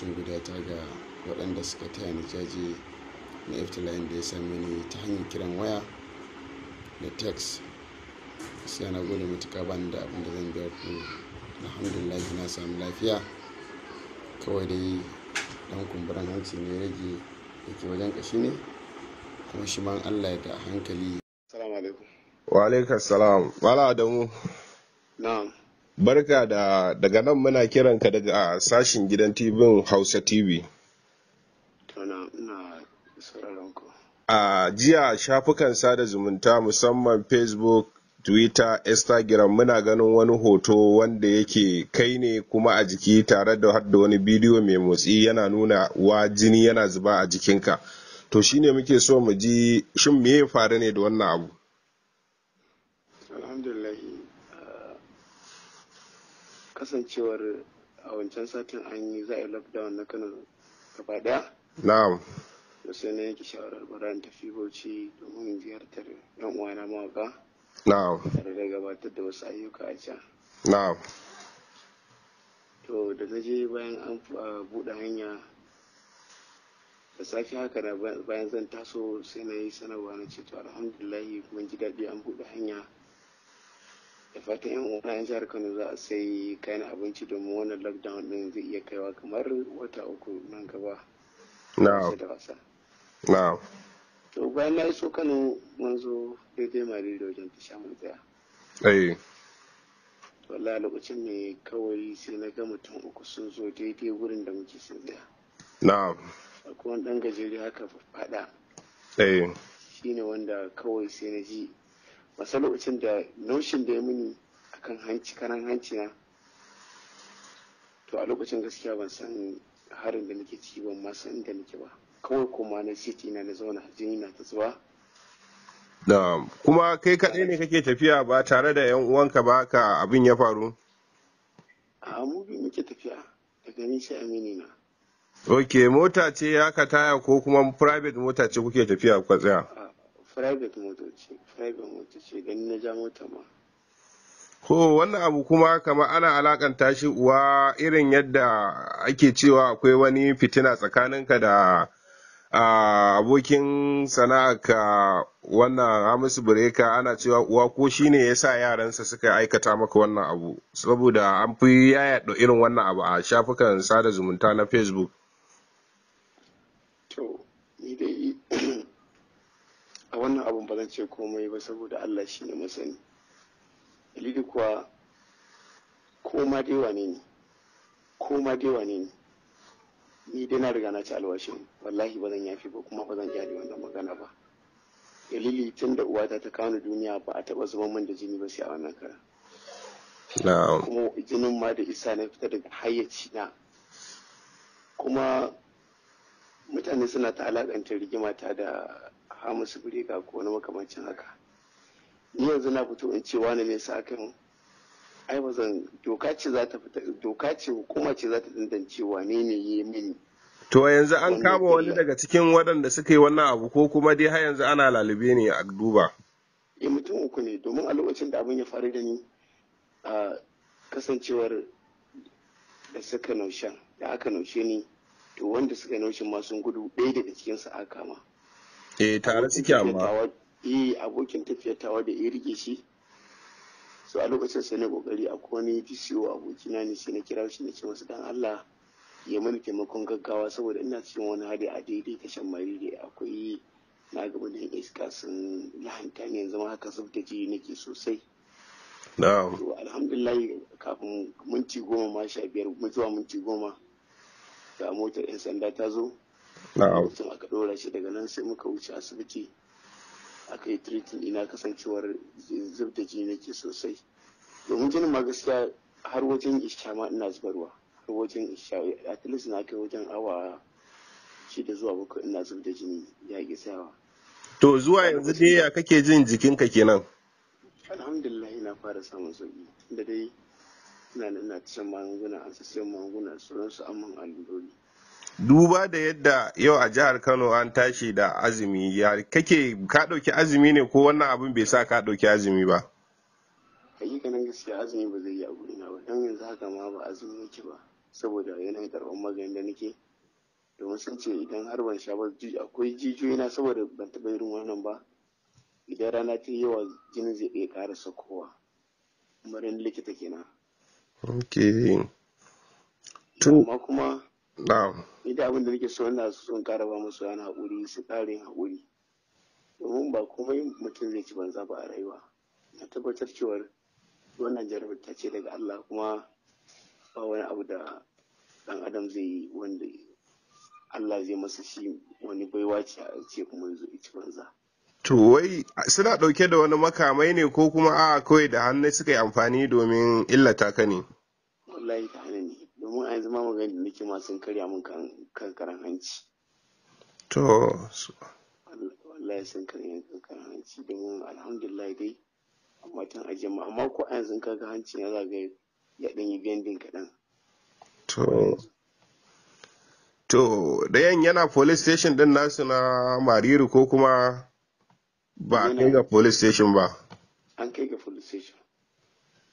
lokacin guda ta ga waɗanda suka taya ni caji na iftila'in da ya sami ni ta hanyar kiran waya da text sai na gode matuka bani da abin da zan biya ku alhamdulillah na samu lafiya kawai dai dan kumburan hanci ne rage da ke wajen ƙashi ne kuma shi ma allah da hankali wa mala adamu Barka da daga nan muna kiran ka daga sashin gidan TV Hausa TV. A jiya shafukan sada zumunta musamman Facebook, Twitter, Instagram muna ganin wani hoto wanda yake kai ne kuma a jiki tare da hadda wani bidiyo mai motsi yana nuna wa jini yana zuba a jikinka. To shine muke so mu ji shin me ya faru ne da wannan abu? Alhamdulillah. kasancewar a wancan satin an yi za a yi lockdown na kano gaba daya na'am da sai na yanke shawarar bara in tafi bauchi domin ziyartar yan uwana mawaka na'am tare da gabatar da wasu ayyuka a can na'am to da na je bayan an buɗe hanya da safe haka na bayan zan taso sai na yi sanarwa na ce to alhamdulillahi mun ji daɗi an buɗe hanya da fatan yan uwa yan jihar kano za a sai kayan abinci domin wannan lockdown din zai iya kaiwa kamar wata uku nan gaba na na to bayan na iso kano mun zo daidai mari da wajen tasha mun tsaya eh wallahi lokacin ne kawai sai na ga mutum uku sun zo daidai wurin da muke sun tsaya na akwai wani dan gajeri haka faɗa eh shine wanda kawai sai na ji wasa lokacin da naushin da ya muni akan hanci karan hanci na to a lokacin gaskiya ban san harin da nake ciki ban ma san inda nake ba kawai kuma na city na na zauna jini na ta zuwa. da kuma kai kaɗai ne kake tafiya ba tare da yan uwanka ba ka abin ya faru a mu biyu muke tafiya daga ni sai amini na ok mota ce ya ka taya ko kuma private mota ce kuke tafiya ku tsaya private motoci private motoci na ja mota ma ko wannan abu kuma kamar ana alakanta shi uwa irin yadda ake cewa akwai wani fitina tsakaninka da abokin sana'arka wannan hamisu bureka ana cewa uwa ko shi ne ya sa yaransa suka aikata maka wannan abu saboda an fi yaɗa irin wannan abu a shafukan sada zumunta na facebook a wannan abun ba zan ce komai ba saboda Allah shi ne masani dalili kuwa koma dai wane ne koma dai wane ne ni dai na riga na ci alwashin wallahi ba zan yafi ba kuma ba zan kyale wannan magana ba dalili tun da uwata ta kawo duniya ba a taba zuban man da jini ba sai a wannan kara kuma jinin ma da isa na fita daga hayyaci na kuma mutane suna ta alakanta rigimata da hamisu birika ko wani makamancin haka ni yanzu na fito in ce wani mai sa kan ai ba zan doka ce za ta fita doka ce hukuma ce za ta dandance wane ne ya mini to yanzu an kama wani daga cikin waɗanda suka yi wannan abu ko kuma dai har yanzu ana lalube ne a duba E, mutum uku ne domin a lokacin da abin ya faru da ni a kasancewar da suka da aka naushe ni to wanda suka naushe ma sun gudu ɗaya daga cikinsa aka kama eh tare suke amma eh abokin tafiyar tawa da ya rike shi so a lokacin sai na kokari a wani siyo abokina ne sai na kira shi na ce masa dan Allah ya mani taimakon gaggawa saboda ina cikin wani hali a daidai kashin marire akwai na gaba da iska sun lahanta ne yanzu haka zub ji nake sosai na'am to alhamdulillah kafin minti goma ma sha biyar mutuwa minti goma ga motar yan sanda ta zo sai aka ɗora shi daga nan sai muka wuce asibiti aka yi treating ina kasancewar zub da jini nake sosai domin jinin ma gaskiya har wajen isha ma ina zubarwa har wajen isha at least na kai wajen awa shida zuwa bakwai ina zub da jini ya ke sayawa to zuwa yanzu dai ya kake jin jikinka kenan alhamdulillah ina fara samun sauki da dai ina ina ta a magunguna an sassan magunguna sauransu amman allurori duba da yadda yau a jihar kano an tashi da azumi ya kake ka ɗauki azumi ne ko wannan abin bai sa ka ɗauki azumi ba hakikanin gaskiya azumi ba zai yi a gurina ba don yanzu haka ma ba azumi nake ba saboda yanayin karɓar maganin da nake domin sun ce idan har ban sha ba akwai jijiyoyi saboda ban taɓa irin wannan ba idan rana ta yi yawa jinin zai iya ƙara sakowa marin likita kenan ok amma kuma ni abin da nake so ina so in kara ba musu yana haƙuri su ƙarin haƙuri domin ba komai mutum zai ci banza ba a rayuwa na tabbatar cewa wannan jarabta ce daga Allah kuma ba wani abu da dan adam zai yi wanda Allah zai masa shi wani baiwa ce a ce kuma zai ci banza to suna ɗauke da wani makamai ne ko kuma a'a kawai da hannu suka yi amfani domin illata ka ne wallahi ta hannu ne domin a yanzu ma magana da nake ma sun karya min kankaran hanci to wallahi sun karya kankaran hanci domin alhamdulillah dai amma tun a jama'a amma ko a yanzu kaga hanci na zaga ya dan yi bendin kaɗan to to 'yan yana police station din nasu na mariri ko kuma ba a kai ga police station ba an kai ga police station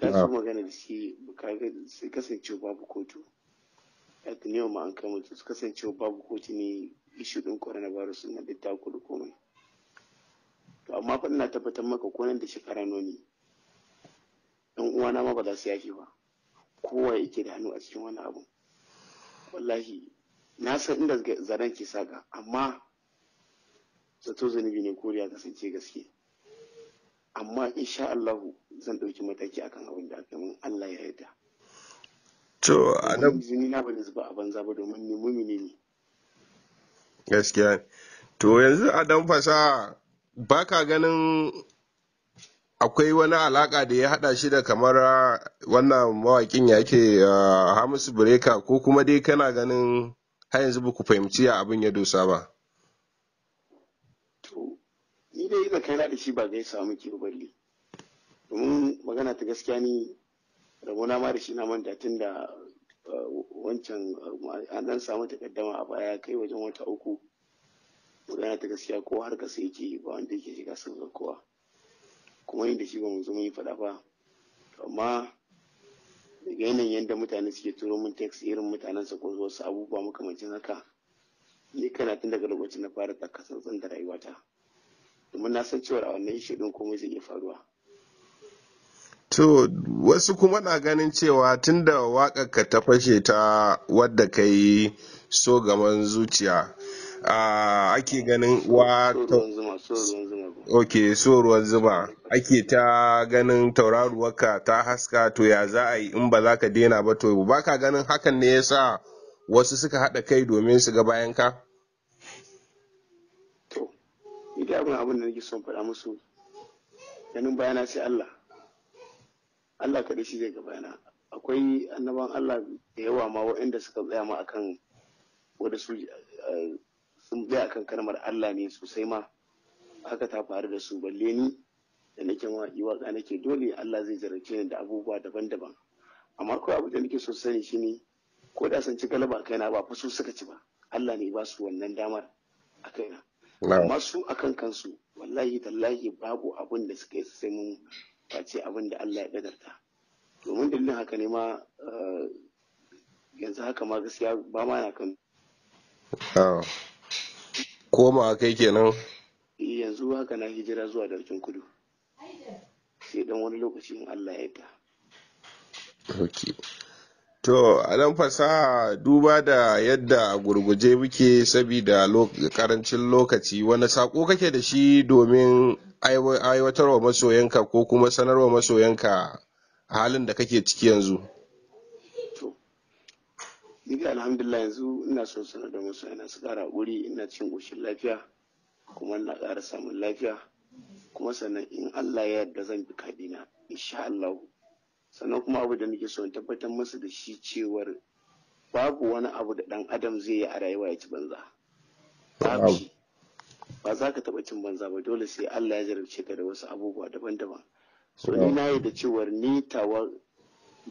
za ah. su magana da shi su kasance babu kotu yadda ne ma an kama su kasance babu kotu ne ishu din coronavirus na da taku komai to amma fa ina tabbatar maka ko nan da shekara noni dan uwana ma ba za su yafe ba kowa yake da hannu a cikin wani abu wallahi na san inda zaren ke saka amma zato zunubi ne koriya kasance gaske amma insha Allah zan ɗauki mataki akan abin da aka min Allah ya yarda to nan zini na bari zuba a banza ba domin ni mumini ne gaskiya to yanzu a dan fasa baka ganin akwai wani alaka da ya hada shi da kamar wannan mawakin ya ke ah, hamisu breka ko kuma dai kana ganin har yanzu ba ku fahimci ya abin ya dosa ba ni dai da kai da shi ba samu muke balle domin magana ta gaskiya ni rabona ma da shi na manta tun da uh, wancan uh, an dan samu takaddama a baya kai wajen wata uku magana ta gaskiya ko har ka sai yake ba wanda yake shiga sun kowa kuma yin da shi ba mu zo mun yi faɗa ba amma daga yanayin yadda mutane suke turo min text irin mutanen sa ko wasu abubuwa makamancin haka ni kana tun daga lokacin na fara tsantsan da rayuwata domin na san cewa a wannan shi din komai zai iya faruwa To wasu kuma na ganin cewa tunda waƙar ka ta fashe ta wadda ka yi so gaman zuciya uh, ake ganin wa ok so ruwan zuma ake ta ganin tauraruwarka ta haska to ya za a yi in ba za ka dena ba to ba ganin hakan ne ya sa wasu suka haɗa kai domin su ga bayan ka? ni da abin abin da nake son faɗa musu ganin bayana sai Allah Allah kaɗai shi zai ga bayana akwai annaban Allah da yawa ma waɗanda suka tsaya ma akan wanda su eh, sun tsaya akan kalmar Allah ne sosai ma haka ta faru da su balle ni da nake mawaƙi waƙa nake dole Allah zai zarce ni da abubuwa daban-daban amma kawai abu da nake so sani shine ko da san ci galaba kaina ba fa su suka ci ba Allah ne ba su wannan damar a kaina amma su akan kansu wallahi tallahi babu abin da suka yi sai mun face abin da Allah ya kadarta domin dalilin haka ne ma eh, yanzu haka ma gaskiya ba ma na kan koma kai kenan eh, yanzu haka na hijira zuwa darkin kudu sai dan wani lokaci in Allah ya yarda okay To, a nan fasaha duba da yadda gurguje muke sabida karancin lokaci wani sako kake da shi domin aiwatarwa masoyanka ko kuma sanarwa masoyanka halin da kake ciki yanzu? To, ni alhamdulillah yanzu ina son sanar da masoyana su kara wuri ina cin ƙoshin lafiya kuma ina ƙara samun lafiya kuma sannan in Allah ya yarda zan bi kadina insha Allah sannan kuma abu da nake so in tabbatar musu da shi cewar babu wani abu da dan adam zai yi a rayuwa ya ci banza ba za ka taɓa cin banza ba dole sai Allah ya jarabce ka da wasu abubuwa daban-daban so ni na yi da cewar ni tawa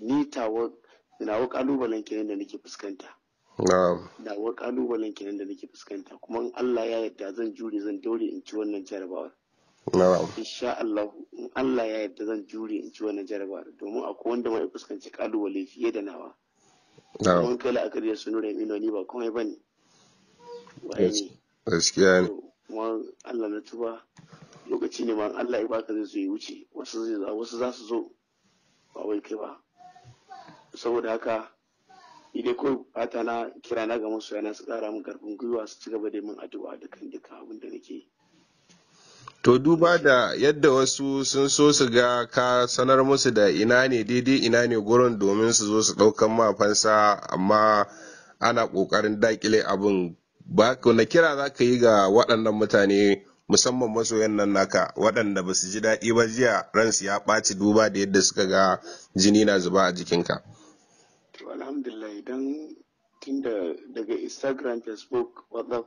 ni tawa kalubalen kenan da nake fuskanta wa kalubalen kenan da nake fuskanta kuma Allah ya yarda zan jure zan dole in ci wannan jarabawar insha Allah in Allah ya yarda zan jure in ci wannan jarabar domin akwai wanda mai fuskanci kalubale fiye da nawa kuma kai la'akari da sunu da mino ni ba komai bane gaskiya ne kuma Allah na tuba lokaci ne ma Allah ya baka zai zo ya wuce wasu zai zo wasu za su zo ba wai kai ba saboda haka idai ko fata na kira na ga masoya na su kara min karfin gwiwa su ci gaba da min addu'a dukan duka abin da nake yi To duba da yadda wasu sun so su ga ka sanar musu da ina ne daidai ina ne gurin domin su zo su ɗaukan mafansa amma ana ƙoƙarin dakile abin ba na kira za ka yi ga waɗannan mutane musamman masoyan nan naka waɗanda ba su ji daɗi ba jiya ransu ya ɓaci duba da yadda suka ga jini na zuba a jikinka. To alhamdulillah idan tunda daga Instagram, Facebook, WhatsApp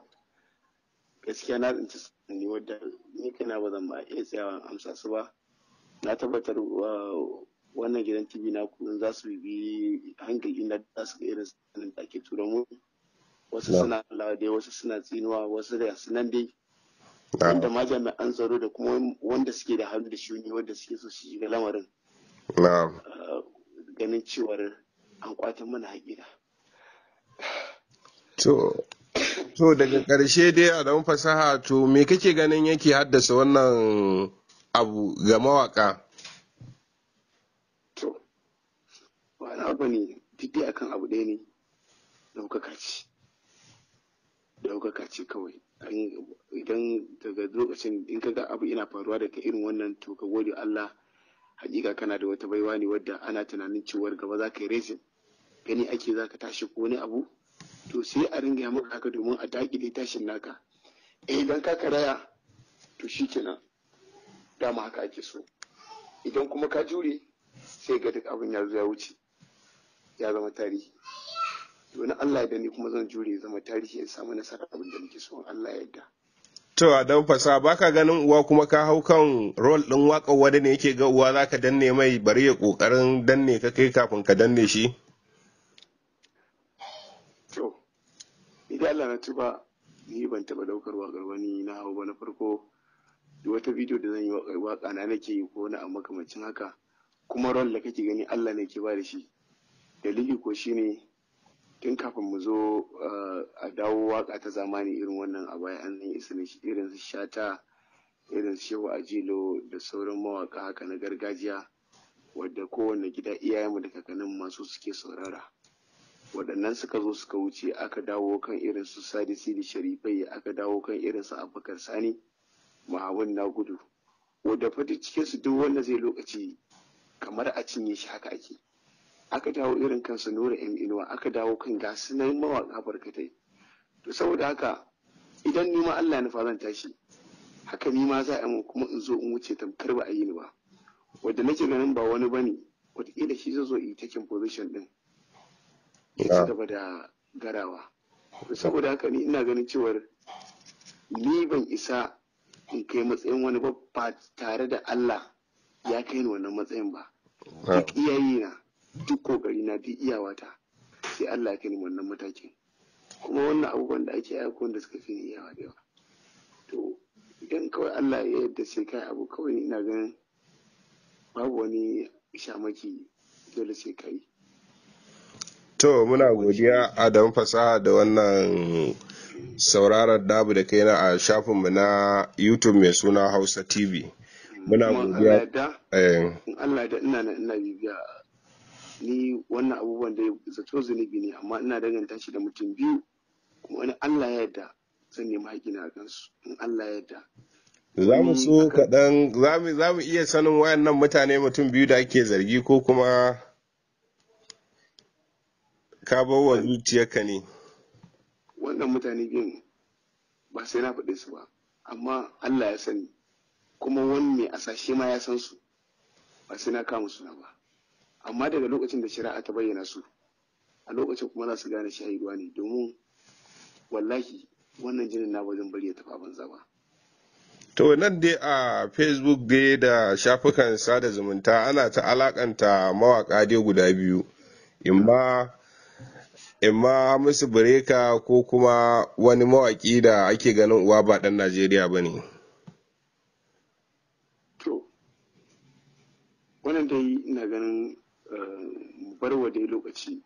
gaskiya na tsinci sani wadda ni kaina ba zan ba iya tsayawa amsa su ba na tabbatar uh, wannan gidan tv na kuɗin za su bi hankali inda za su ga irin sanin da ake tura mu wasu suna lade wasu suna tsinuwa wasu da nan dai wanda ma jami'an tsaro da kuma wanda suke da hannu da shi ne wanda suke so su shiga lamarin uh, ganin cewar an kwatan mana haƙida to To daga ƙarshe dai a don fasaha to me kake ganin yake haddasa wannan abu ga mawaka? To, na abu ne duk akan abu ɗaya ne daukaka ce. daukaka ce kawai. Idan daga lokacin in ka ga abu ina faruwa daga irin wannan to ka gode Allah hakika kana da wata baiwa ne wadda ana tunanin cewar gaba za ka yi resin. Gani ake za ka tashi ko wani abu to sai a ringa ya maka haka domin a dakile tashin naka eh idan ka karaya to shikenan dama haka ake so idan kuma ka jure sai ga duk abin ya zo ya wuce ya zama tarihi wani Allah da ni kuma zan jure zama tarihi ya samu nasara abin da nake so Allah ya yarda to a dan fasa baka ganin uwa kuma ka hau kan rol din waka wani ne yake ga uwa zaka danne mai bari ya kokarin danne ka kai kafin ka danne shi da Allah na tuba ni ban taba daukar wakar wani na hau ba na farko wata bidiyo da zan yi waka na nake yi ko na a makamacin haka kuma ron da kake gani Allah ne ke ba da shi dalili ko shine tun kafin mu zo eh, a dawo waka ta zamani irin wannan a baya an yi isa irin su shata irin su shehu ajilo da sauran mawaka haka na gargajiya wadda kowane gida iyayenmu da kakanninmu masu suke saurara waɗannan suka zo suka wuce aka dawo kan irin su sadi sidi sharifai aka dawo kan irin su abubakar sani mahabun na gudu wadda fata cikin su duk wanda zai lokaci kamar a cinye shi haka ake aka dawo irin kansu nura yan inuwa aka dawo kan gasu nan mawaƙa barkatai to saboda haka idan ni ma Allah na zan tashi haka ni ma za a yi kuma in zo in wuce tamkar ba a yi ni ba wadda nake ganin ba wani ba ne, wadda shi zai zo yi taking position din ya ci gaba da garawa saboda haka ni ina ganin cewar ni ban isa in kai matsayin wani ba ba tare da Allah ya kai ni wannan matsayin ba duk iyayi na duk kokari na duk iyawata sai Allah ya kai ni wannan matakin kuma wannan abubuwan da ake aiko da suka fi ni iyawa da yawa to idan kawai Allah ya yadda sai kai abu kawai ina ganin babu wani shamaki dole sai kai To muna godiya Adam fasaha da wannan sauraron dabu da kai na a shafinmu na YouTube mai suna Hausa TV. Muna godiya. Eh. In Allah da ina na ina bibiya ni wannan abubuwan da zato zunubi ne amma ina danganta shi da mutum biyu kuma wani Allah ya yadda zan nemi haƙina a kansu in Allah ya yadda. Za mu so kaɗan za mu iya sanin wayannan mutane mutum biyu da ake zargi ko kuma ka bar wa zuciyarka ne wannan mutane biyun ba sai na faɗe su ba amma Allah ya sani kuma wani mai asashe ma ya san su ba sai na kama suna ba amma daga lokacin da shari'a ta bayyana su a lokacin kuma za su gane shahiduwa ne domin wallahi wannan jinin na wajen bari ya tafa banza ba to nan dai a facebook dai da shafukan sada zumunta ana ta alakanta mawaka dai guda biyu in ba imma Hamisu Bireka ko kuma wani mawaƙi da ake ganin uwa ba ɗan Najeriya ba ne. dai ina ganin eh, dai lokaci